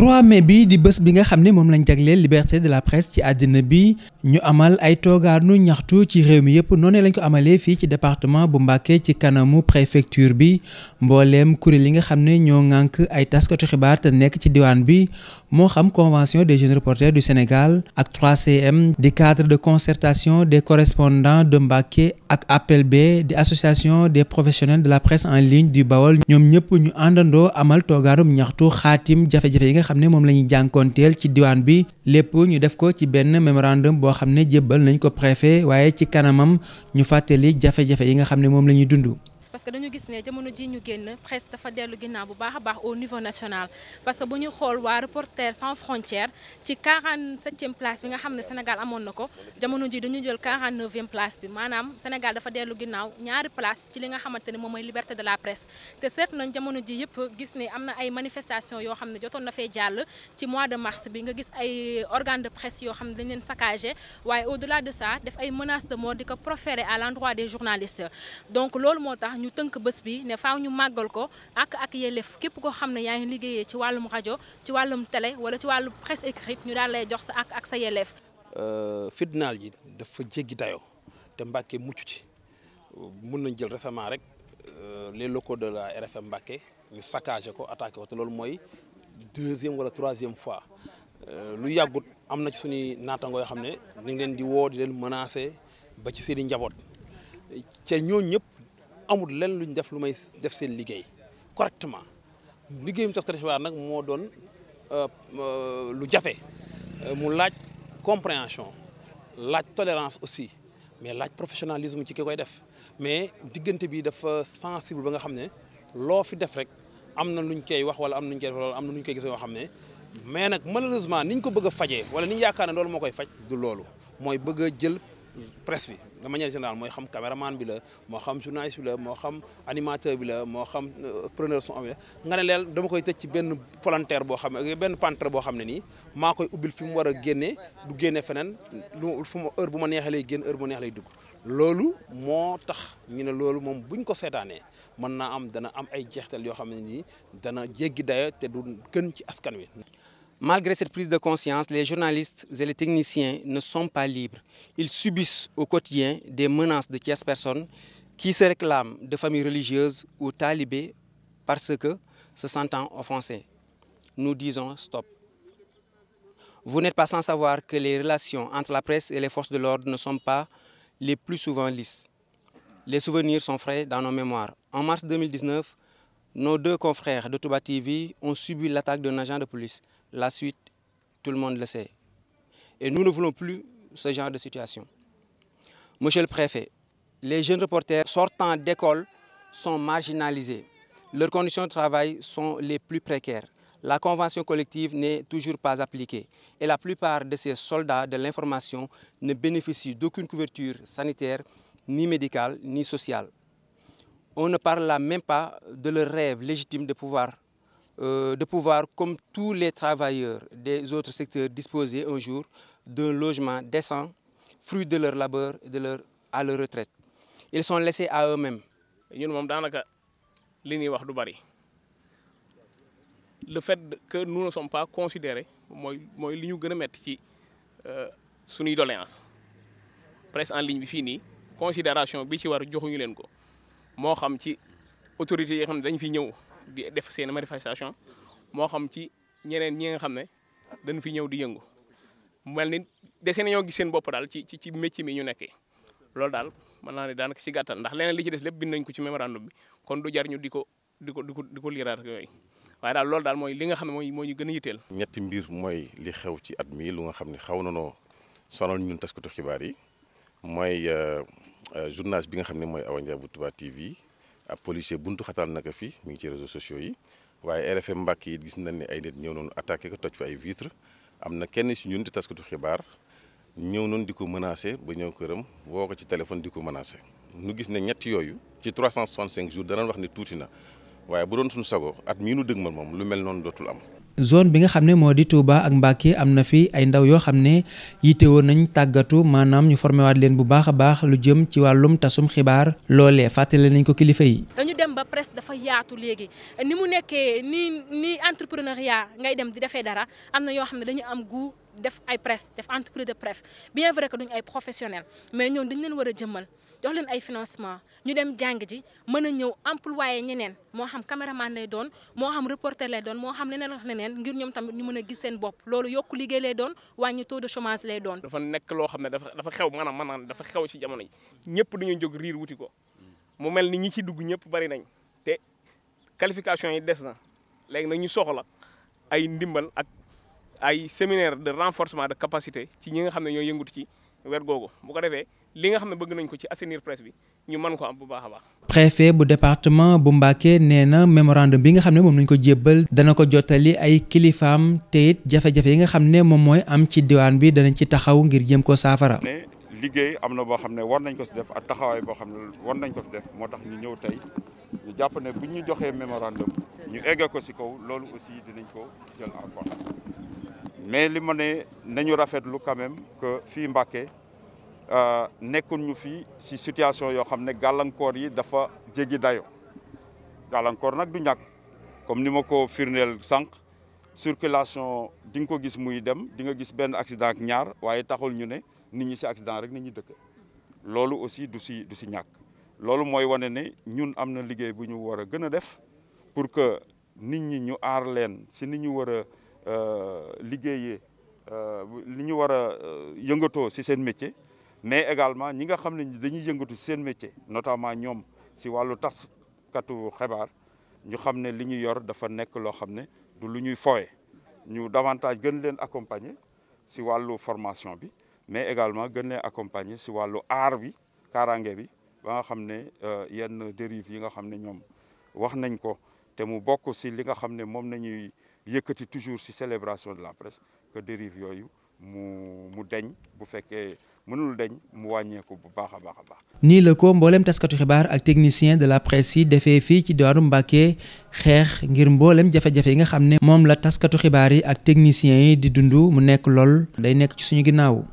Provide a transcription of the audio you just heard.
3 mais bi di bés bi nga xam ne moom lañ jagleel liberté de la presse ci àddina bi ñu amal ay toogaanu ñaxtu ci réew mi yëpp noonu lañ ko amalee fii ci département bu Mbacké ci kanamu préfecture bi mbooleem kuréel yi nga xam ne ñoo ngànk ay taskatu xibaar te nekk ci diwaan bi moo xam convention des jeunes reporters du Sénégal ak cm di cadre de concertation des correspondants de Mbacké ak appel b di association des professionnels de la presse en ligne du ñoom ñëpp ñu àndandoo xam ne moom la ñuy jànkoonteel ci diwaan bi lépp ñu def ko ci benn mémorandum boo xam ne jébbal nañ ko préfé waaye ci kanamam ñu fàttali jafe-jafe yi nga xam ne moom la ñuy dund parce que dañu gis ne jamono ji ñu génn presse dafa dellu ginnaaw bu baax a baax au niveau national parce que bu ñu xool waa Reporters sans frontières ci 47e place bi nga xam ne Sénégal amoon na ko jamono ji dañu jël 49e place bi maanaam Sénégal dafa dellu ginnaaw ñaari place ci li nga xamante ne moom mooy liberté de la presse te seet nañ jamono ji yëpp gis ne am na ay manifestation yoo xam ne jotoon na fee jàll ci mois de mars bi nga gis ay organe de presse yoo xam dañ leen saccagé waaye au delà de ça def ay menaces de mort di ko proférer à l'endroit des journalistes donc ñu tënk bés bi ne faw ñu màggal ko ak ak yelleef képp koo xam ne yaa ngi liggéeyee ci wàllum rajo ci wàllum tele wala ci wàllu presse écrite ñu daal lay jox sa ak ak sa yelleef. Euh, fitnaal ji dafa jéggi dayoo te Mbacké mucc ci mun nañ jël récemment rek euh, les locaux de la RFM Mbacké ñu saccagé ko attaqué ko te loolu mooy deuxième wala troisième fois euh, lu yàggut am na ci suñuy naataango yoo xam ne ñu leen di woo di leen menacé ba ci seeni njaboot te ñooñu ñëpp. amul lenn luñ def lu may def seen liggéey correctement liggéeyum taskati xibaar nag moo doon euh, euh, lu jafe mu laaj compréhension laaj tolérance aussi mais laaj professionnalisme ci ki koy def mais diggante bi dafa sensible ba nga xam ne loo fi def rek am na luñ koy wax wala am na luñ koy def wala am na luñ koy gis yoo xam ne mais nag malheureusement ñu ko bëgg a fajee wala ñu yaakaar ne loolu moo koy faj du loolu mooy bëgg a jël presse bi de manière générale mooy xam maan bi la moo xam journaliste bi la moo xam animateur bi la moo xam euh, preneur son bi la nga ne leel dama koy tëj ci benn palanteer boo xam ne benn pantre boo xam ne nii maa koy ubbil fi mu war a génne du génne feneen lu fu mu heure bu ma neexalee génn heure bu ma neexee dugg loolu moo tax ñu ne loolu moom buñ ko seetaanee mën naa am dana am ay jeextal yoo xam ne nii dana jéggi dayo te du gën ci askan wi Malgré cette prise de conscience, les journalistes et les techniciens ne sont pas libres. Ils subissent au quotidien des menaces de tierces personnes qui se réclament de familles religieuses ou talibés parce que se sentant offensés. Nous disons stop. Vous n'êtes pas sans savoir que les relations entre la presse et les forces de l'ordre ne sont pas les plus souvent lisses. Les souvenirs sont frais dans nos mémoires. En mars Nos deux confrères de Touba TV ont subi l'attaque d'un agent de police. La suite, tout le monde le sait. Et nous ne voulons plus ce genre de situation. Monsieur le préfet, les jeunes reporters sortant d'école sont marginalisés. Leurs conditions de travail sont les plus précaires. La convention collective n'est toujours pas appliquée et la plupart de ces soldats de l'information ne bénéficient d'aucune couverture sanitaire, ni médicale, ni sociale. on ne parle la même pas de leur rêve légitime de pouvoir, euh, de pouvoir, comme tous les travailleurs des autres secteurs, disposer un jour d'un logement décent, fruit de leur labeur et de leur, à leur retraite. Ils sont laissés à eux-mêmes. Le fait que nous ne sommes pas considérés, c'est ce nous euh, sunuy doléance presse en ligne bi fii nii considération bi ci war joxuñu leen ko moo xam ci autorités yi xam ne dañ fi ñëw di def seen manifestation moo xam ci ñeneen ñi nga xam ne dañu fi ñëw di yëngu mel ni dese nañoo gis seen bopp daal ci ci ci métier mi ñu nekkee loolu daal mën naa ne daanaka ci gàttal ndax leneen li ci des lépp bind nañ ko ci mémorandum bi kon du jar ñu di ko di ko di ko di liiraat yooyu waaye daal loolu daal mooy li nga xam ne mooy moo ñu gën a yitteel. ñetti mbir mooy li xew ci at mi lu nga xam ne xaw na noo sonal ñun taskatu xibaar yi mooy. Euh, Euh, journage bi nga xam ne mooy Awa Ndiaye bu Touba TV ab policier buntu xataan naka fi mu ngi ci réseaux sociaux yi waaye RFM Mbàkke yi gis nañ ne ay nit ñëw noonu attaqué ko toj fa ay vitre am na kenn si ñun di taskatu xibaar ñëw noonu di ko menacé ba ñëw këram woo ko ci téléphone di ko menacé nu gis ne ñett yooyu ci cent cinq jours danañ wax ne tuuti na waaye bu doon suñu sago at mii nu dëgmal moom lu mel noonu dootul am zone bi nga xam ne moo di Touba ak Mbacké am na fi ay ndaw yoo xam ne yitewoon nañ tàggatu maanaam ñu formé waat leen bu baax a baax lu jëm ci wàllum tasum xibaar loolee fàttale nañ ko kilifa yi. dañu dem ba presque dafa yaatu léegi ni mu nekkee ni ni entrepreneuriat ngay dem di defee dara am na yoo xam ne dañu am gu def ay presse def entreprise de presse bien vrai que duñ ay professionnel mais ñoom dañ leen war a jëmmal jox leen ay financement ñu dem jàng ji mën a ñëw waaye ñeneen moo xam caméraman lay doon moo xam reporter lay doon moo xam leneen wax leneen ngir ñoom tamit ñu mën a gis seen bopp loolu yokk liggéey lay doon wàññi taux de chômage lay doon. dafa nekk loo xam ne dafa xew maanaam maanaam dafa xew ci jamono yi ñëpp dañuy jóg riir wuti ko mu mel ni ñi ci dugg ñëpp bari nañ te qualification yi des na léegi nag ñu soxla ay ndimbal ak. ay séminaire de renforcement de capacité ci ñi nga xam ne ñoo yëngutu ci wet googu bu ko defee li nga xam ne bëgg nañ ko ci assainir presse bi ñu mën ko am bu baax a baax. préfet bu département bu Mbacké nee na mémorandum bi nga xam ne moom nañ ko jébbal dana ko jottali ay kilifaam te it jafe-jafe yi nga xam ne moom mooy am ci diwaan bi danañ ci taxaw ngir jëm ko saafara. liggéey am na boo xam ne war nañ ko si def ak taxawaay boo xam ne war nañ ko si moo tax ñu ñëw tey jàpp ne bu ñu joxee mémorandum ñu egg ko si kaw loolu aussi dinañ ko jël mais li ma ne nañu rafetlu quand même que fii Mbacké euh, nekkul ñu fii si situation yoo xam ne gàllankoor yi dafa jéggi dayo gàllankoor nag du ñàkk comme ni ma ko firndeel sànq circulation di nga ko gis muy dem di nga gis benn accident ñaar waaye taxul ñu ne nit ñi si accident rek ni ñi dëkk loolu aussi du si du si ñàkk loolu mooy wane ne ñun am na liggéey bu ñu war a gën a def pour que nit ñi ñu aar leen si ni ñu war a Euh, liggéeyee euh, li ñu war a euh, yëngatoo si seen métier mais également ñi nga xam ne dañuy yëngatu si seen métier notamment ñoom si wàllu katu xibaar ñu xam ne li ñu yor dafa nekk loo xam ne du lu ñuy fooye ñu davantage gën leen accompagner si wàllu formation bi mais également gën leen accompagner si wàllu aar bi kaaraange bi ba nga xam ne yenn dérive yi nga xam ne ñoom wax nañ ko te mu bokk si li nga xam ne moom nañuy yëkkati toujours ci célébration de la presse que dérive yooyu mu mu deñ bu fekkee mënul deñ mu wàññeeku bu baax a baax a baax. nii la ko mboolem taskatu xibaar ak technicien de la presse yi defee fii ci diwaanu Mbàkke xeex ngir mboolem jafe-jafe yi nga xam ne moom la taskatu xibaar yi ak technicien yi di dundu mu nekk lool day nekk ci suñu ginnaaw.